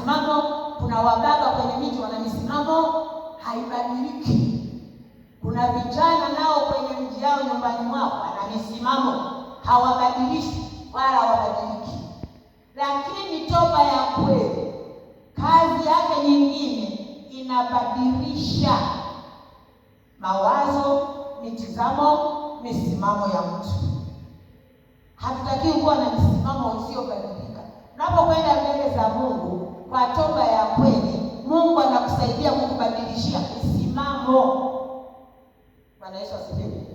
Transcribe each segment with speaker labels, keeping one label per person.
Speaker 1: misimamo. Kuna wababa kwenye miti wana misimamo haibadiliki. Kuna vijana nao kwenye mji yao nyumbani mwao wana misimamo hawabadilishi wala hawabadiliki. Lakini toba ya kweli, kazi yake nyingine inabadilisha mawazo, mitizamo, misimamo ya mtu. Hatutakiwi kuwa na msimamo usiobadilika. Unapokwenda mbele za Mungu kwa toba ya kweli, Mungu anakusaidia kukubadilishia msimamo. Bwana Yesu asifiwe.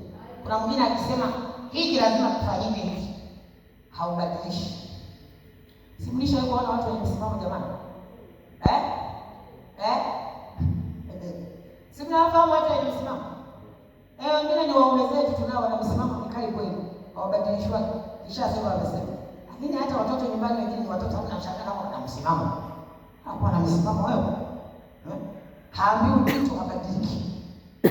Speaker 1: Kuna mwingine akisema hiki lazima kufanyike hivi, haubadilishi. Simulisha wewe, kuona watu wenye msimamo jamani? Eh? Eh? Si mnawafahamu watu wenye msimamo? Eh, wengine ni waume zetu tunao wana msimamo mkali kweli. Hawabadilishwa. Kisha sema wamesema. Lakini hata watoto nyumbani wengine ni watoto hamna kama wana msimamo hakuwa na msimamo wewe, haambiwi eh? kitu abadiliki.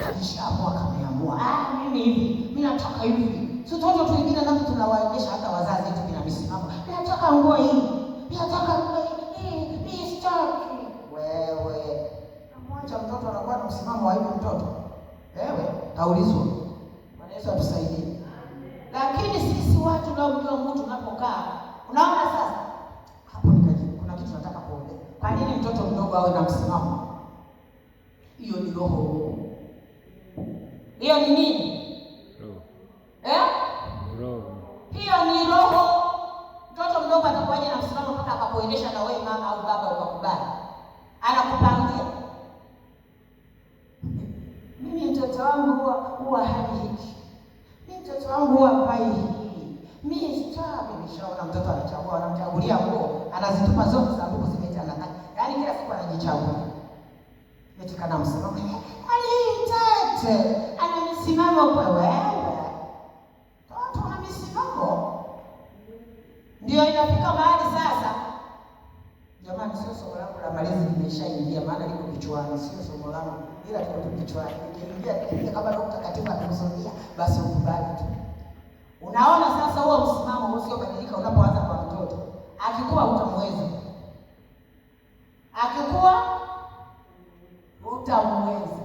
Speaker 1: Alishaamua kameamua, ah, mimi hivi, mimi nataka hivi. Sio toto tuingine na tunawaonyesha hata wazazi wetu bila misimamo, nataka nguo hii, nataka hii, hii sitaki
Speaker 2: wewe. Mwacha mtoto anakuwa na msimamo wa hivi mtoto, wewe kaulizwa. Bwana Yesu atusaidie.
Speaker 1: Lakini sisi watu na mjua mtu unapokaa, unaona sasa
Speaker 2: mtoto mdogo awe na msimamo. Hiyo ni roho.
Speaker 1: Hiyo ni nini? Eh? Hiyo ni roho. Mtoto mdogo atakuwaje na msimamo mpaka akakuendesha na wewe mama au baba ukakubali? Anakupangia. Mimi mtoto wangu huwa huwa hali hiki. Mimi mtoto wangu huwa mpai hii. Mimi sitabi nishaona mtoto anachagua anamchagulia nguo, anazitupa zote sababu zimechanganyika yaani kila siku anajichagua nitukana msimamo aliitete ana msimamo kwa wewe watu wana msimamo. ndio inafika mahali sasa
Speaker 2: jamani sio somo langu la malezi limeshaingia maana liko kichwani sio somo langu ila liko kichwani kile kama Roho Mtakatifu atakusogea basi ukubali tu
Speaker 1: unaona sasa huo msimamo usiobadilika unapoanza kwa mtoto akikuwa utamweza kuwa hutamuweza.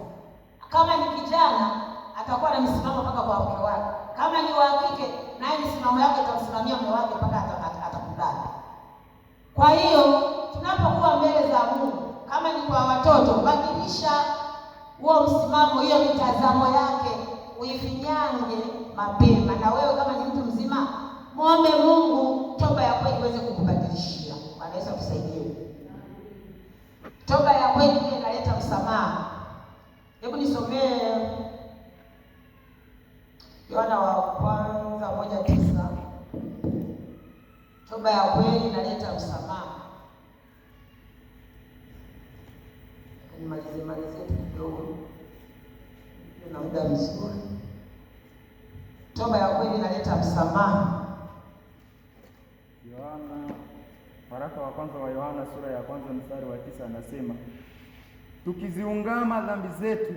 Speaker 1: Kama ni kijana atakuwa na msimamo mpaka kwa mke wake, kama ni wa kike naye msimamo yake itamsimamia mke wake mpaka atakubali. Kwa hiyo tunapokuwa mbele za Mungu, kama ni kwa watoto, badilisha huo msimamo, hiyo mitazamo yake uifinyange mapema, na wewe kama ni mtu mzima, muombe Mungu toba yako iweze kukubadilishia. Anaweza kusaidia Toba ya kweli ndiyo inaleta msamaha. Hebu nisomee Yohana wa kwanza moja tisa. Toba ya kweli inaleta msamaha.
Speaker 2: malize malizie kidogo na muda mzuri.
Speaker 1: Toba ya kweli inaleta msamaha.
Speaker 3: Waraka wa kwanza wa Yohana sura ya kwanza mstari wa tisa anasema, tukiziungama dhambi zetu,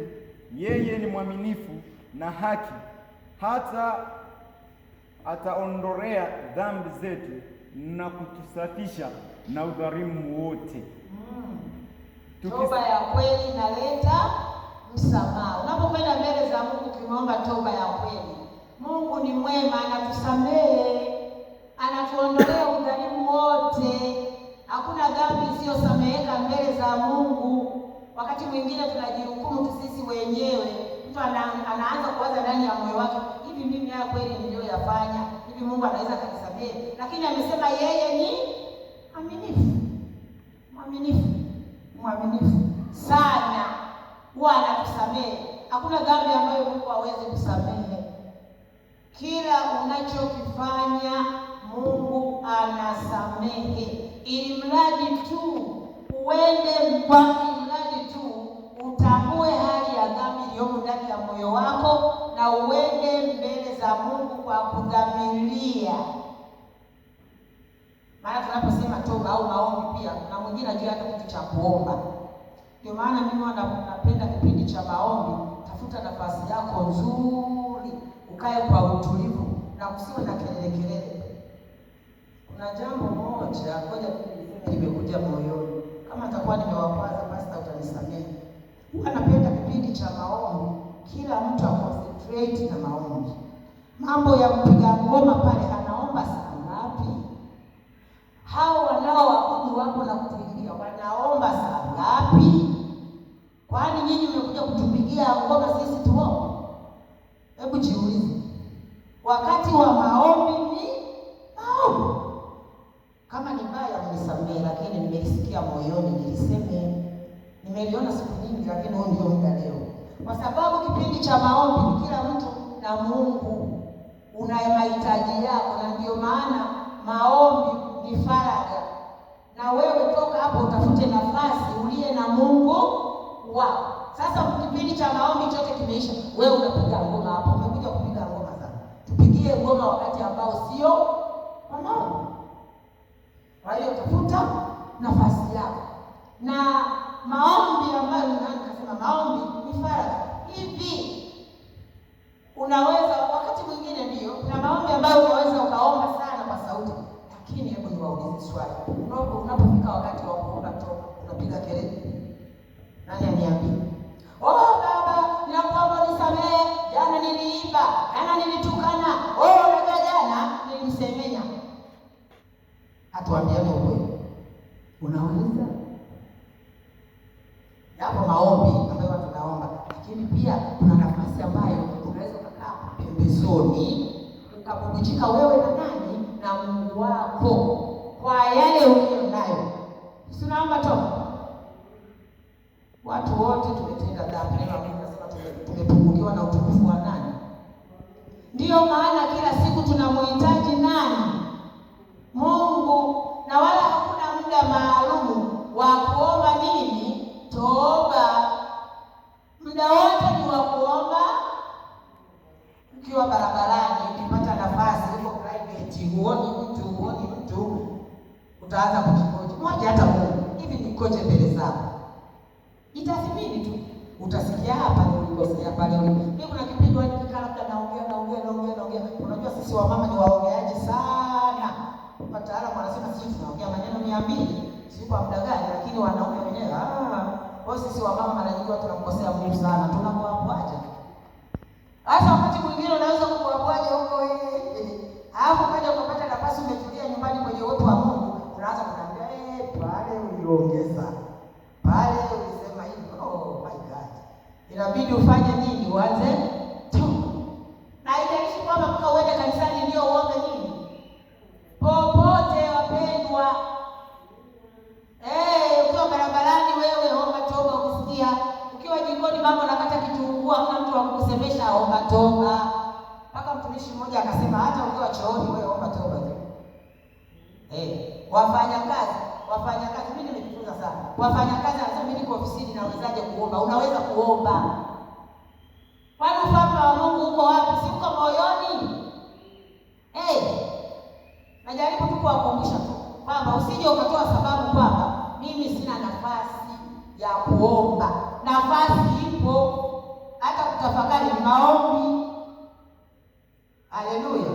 Speaker 3: yeye ni mwaminifu na haki, hata ataondorea dhambi zetu na kutusafisha na udhalimu wote. Mm.
Speaker 1: Tukiz... toba ya kweli inaleta msamaha. Unapokwenda mbele za Mungu ukimwomba toba ya kweli, Mungu ni mwema, anatusamehe Mungu, wakati mwingine tunajihukumu tu sisi wenyewe. Mtu anaanza kuwaza ndani ya moyo wake, hivi mimi haya kweli niliyoyafanya, hivi Mungu anaweza akanisamehe? Lakini amesema yeye ni aminifu, mwaminifu, mwaminifu sana, huwa anatusamehe. Hakuna dhambi ambayo Mungu hawezi kusamehe. Kila unachokifanya Mungu anasamehe, ili mradi tu uende mpaka mradi tu utambue hali ya dhambi iliyomo ndani ya moyo wako, na uende mbele za Mungu kwa kudhamiria. Maana tunaposema toba au maombi, pia na mwingine ajua hata kitu cha kuomba. Ndio maana mimi napenda kipindi cha maombi. Tafuta nafasi yako nzuri, ukae kwa utulivu na usiwe na kelele kelele. Kuna jambo moja moja limekuja moyoni kama atakuwa nimewakwaza basi utanisamehe. Huwa napenda kipindi cha maombi, kila mtu aconcentrate na maombi. Mambo ya mpiga ngoma pale anaomba saa ngapi? Hao wanaoabudu wako na kutuimbia wanaomba saa ngapi? Kwani nyinyi mmekuja kutupigia ngoma sisi tuombe? Hebu jiulize wakati wa na siku nyingi, lakini huu ndio muda leo, kwa sababu kipindi cha maombi kila mtu na Mungu una mahitaji yako, na ndio maana maombi ni faraga. Na wewe toka hapo utafute nafasi uliye na Mungu wako. Sasa kipindi cha maombi chote kimeisha, wewe unapiga ngoma hapo, umekuja kupiga ngoma sana. Tupigie ngoma wakati ambao sio kwa maombi. Kwa hiyo tafuta nafasi yako na maombi ambayo nasema maombi ni faradhi. Hivi unaweza wakati mwingine, ndio kuna maombi ambayo unaweza ukaomba sana kwa sauti, lakini hebu niwaulize swali, unapofika wakati wa kuomba toba, unapiga kelele? Nani aniambie? Oh, Baba ninakuomba nisamehe, jana niliiba, jana nilitukana, oh, unajua jana nilimsemenya. Hatuambiane ukweli, unauliza Yapo maombi ambayo tunaomba, lakini pia kuna nafasi ambayo unaweza kukaa pembezoni ukabubujika wewe na nani na Mungu wako kwa yale uliyo nayo. Sinaomba to watu wote tumetenda dhambi na Mungu anasema tumepungukiwa na utukufu wa nani? Ndiyo maana kila siku tunamhitaji nani? Mungu, na wala hakuna muda maalumu wa Nikafikia hapa leo, nikosea hapa Mimi kuna kipindi hadi nikaa labda naongea naongea naongea naongea. Unajua sisi wamama ni waongeaji sana. Wataalamu wanasema sisi tunaongea maneno 200 sio kwa muda gani, lakini wanaume wenyewe ah, wao sisi wamama mara nyingi tunamkosea Mungu sana. Tunakuwa hapo Hata wakati mwingine inabidi ufanye nini? Uanze toba. Na haijalishi kwamba mpaka uende kanisani ndio uombe nini, popote wapendwa. Hey, eh, ukiwa barabarani wewe omba toba, ukisikia ukiwa jikoni mama unakata kitungua hakuna mtu wa kukusemesha, omba toba. Mpaka mtumishi mmoja akasema hata ukiwa chooni wewe omba toba tu. Eh, hey, wafanya kazi wafanya kazi, mimi nimejifunza sana wafanya kazi, hasa mimi niko ofisini, nawezaje kuomba? Unaweza kuomba Kwani ufalme wa Mungu uko wapi? Si uko moyoni? Hey, eh, najaribu tu kuwakumbusha tu kwamba usije ukatoa sababu kwamba mimi sina nafasi ya kuomba. Nafasi ipo, hata kutafakari maombi. Haleluya.